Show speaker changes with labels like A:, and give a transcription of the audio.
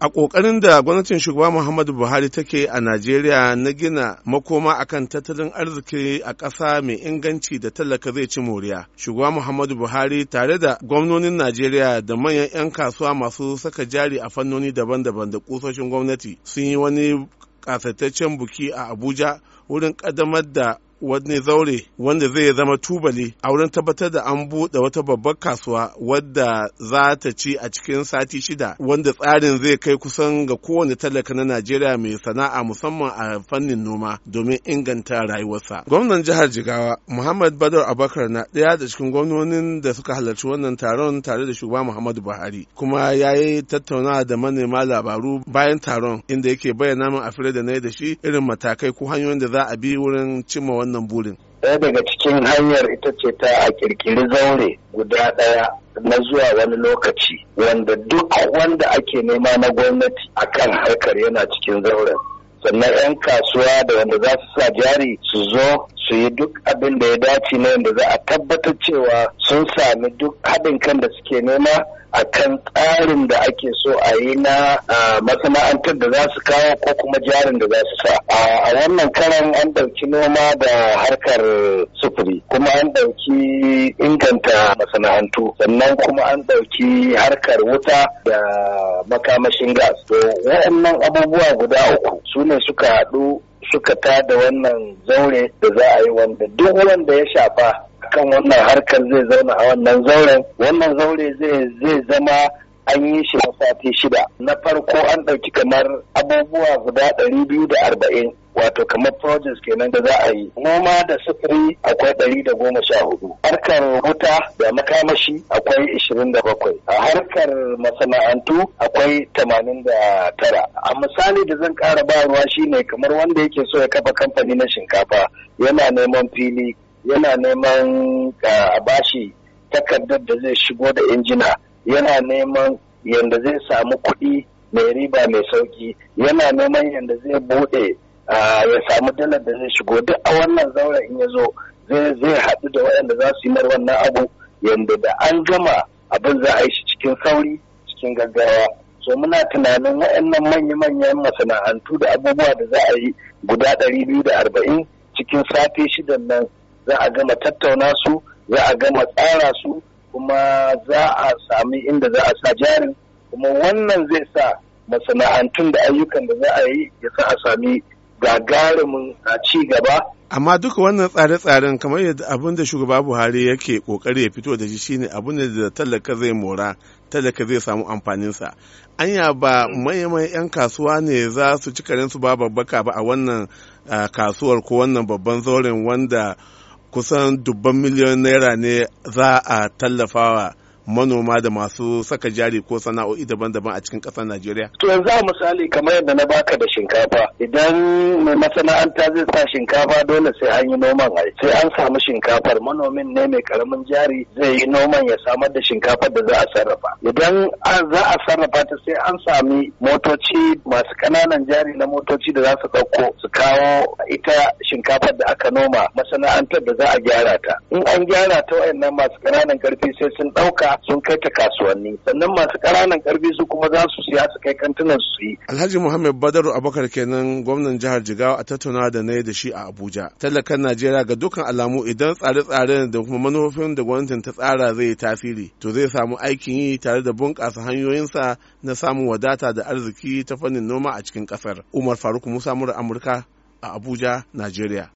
A: a ƙoƙarin da gwamnatin shugaba muhammadu buhari take a najeriya na gina makoma akan tattalin arziki a ƙasa mai inganci da tallaka zai ci moriya shugaba muhammadu buhari tare da gwamnonin najeriya da manyan 'yan kasuwa masu saka jari a fannoni daban-daban da kusoshin gwamnati sun yi wani ƙasataccen buki a abuja wurin ƙaddamar da wani zaure wanda zai zama tubali a wurin tabbatar da an buɗe wata babbar kasuwa wadda za ta ci a cikin sati shida wanda tsarin zai kai kusan ga kowane talaka na Najeriya mai sana'a musamman a fannin noma domin inganta rayuwarsa. Gwamnan jihar Jigawa Muhammad Badar Abakar na ɗaya da cikin gwamnonin da suka halarci wannan taron tare da shugaba Muhammadu Buhari kuma ya yi tattaunawa da manema labaru bayan taron inda yake bayyana min a da na da shi irin matakai ko hanyoyin da za a bi wurin cimma wannan burin?
B: Ɗaya daga cikin hanyar ita ce ta a ƙirƙiri zaure guda ɗaya na zuwa wani lokaci wanda duk wanda ake nema na gwamnati a kan harkar yana cikin zauren. sannan 'yan kasuwa da wanda za su sa jari su zo su yi duk abin da ya dace na yadda za a tabbatar cewa sun sami duk haɗin kan da suke nema a kan tsarin da ake so a yi na masana'antar da za su kawo ko kuma jarin da za su sa a wannan karan an ɗauki noma da harkar sufuri kuma an ɗauki inganta masana'antu sannan kuma an ɗauki harkar wuta da makamashin gas to waɗannan abubuwa guda uku su ne suka haɗu suka tada wannan zaure da za a yi wanda duk wanda ya shafa kan wannan harkar zai zauna a wannan zauren wannan zaure zai zama an yi shi sati shida na farko an ɗauki kamar abubuwa guda ɗari biyu da arba'in wato kamar projects kenan da za a yi noma da sufuri akwai ɗari da goma sha hudu harkar wuta da makamashi akwai ishirin da bakwai a harkar masana'antu akwai tamanin da tara a misali da zan ƙara bayarwa shine kamar wanda yake so ya kafa kamfani na shinkafa yana neman fili yana neman ah, a bashi takardar da zai shigo da injina yana neman yadda zai samu kuɗi mai riba mai sauki yana neman yanda zai buɗe Ah, ya samu dalar da zai shigo duk a wannan zaura in ya zo zai haɗu da waɗanda za su yi mar wannan abu yadda da an gama abin za a yi shi cikin sauri cikin gaggawa so muna tunanin waɗannan manya-manyan masana'antu da abubuwa da za a yi guda ɗari biyu da arba'in cikin sati shida nan za a gama tattauna su za a gama tsara su kuma za a sami inda za a sa jarin kuma wannan zai sa masana'antun da ayyukan da za a yi ya sa a sami gagarumin ci gaba
A: amma duka wannan tsare-tsaren kamar yadda abin da shugaba buhari yake kokari ya fito da shi shine abin da talaka zai mora talaka zai samu amfaninsa anya ba mayan 'yan kasuwa ne za su ci su ba babbaka ba a wannan kasuwar ko wannan babban zauren wanda kusan dubban miliyon naira ne za a tallafawa manoma da masu saka jari ko sana'o'i daban-daban a cikin ƙasar Najeriya?
B: To yanzu a misali kamar yadda na baka da shinkafa idan mai masana'anta zai sa shinkafa dole sai an yi noman sai an samu shinkafar manomin ne mai karamin jari zai yi noman ya samar da shinkafar da za a sarrafa. Idan za a sarrafa ta sai an sami motoci masu ƙananan jari na motoci da za su ɗauko su kawo ita shinkafar da aka noma masana'antar da za a gyara ta. In an gyara ta wayannan masu ƙananan ƙarfi sai sun ɗauka sun kai ta kasuwanni sannan masu ƙananan ƙarfi su kuma za su siya su kai kantunan su
A: yi. Alhaji Muhammad Badaru Abubakar kenan gwamnan jihar Jigawa a tattauna da na da shi a Abuja. Talakan Najeriya ga dukkan alamu idan tsare-tsaren da kuma manufofin da gwamnatin ta tsara zai yi tasiri to zai samu aikin yi tare da bunƙasa hanyoyinsa na samun wadata da arziki ta fannin noma a cikin ƙasar. Umar Faruk Musa Mura Amurka a Abuja, Najeriya.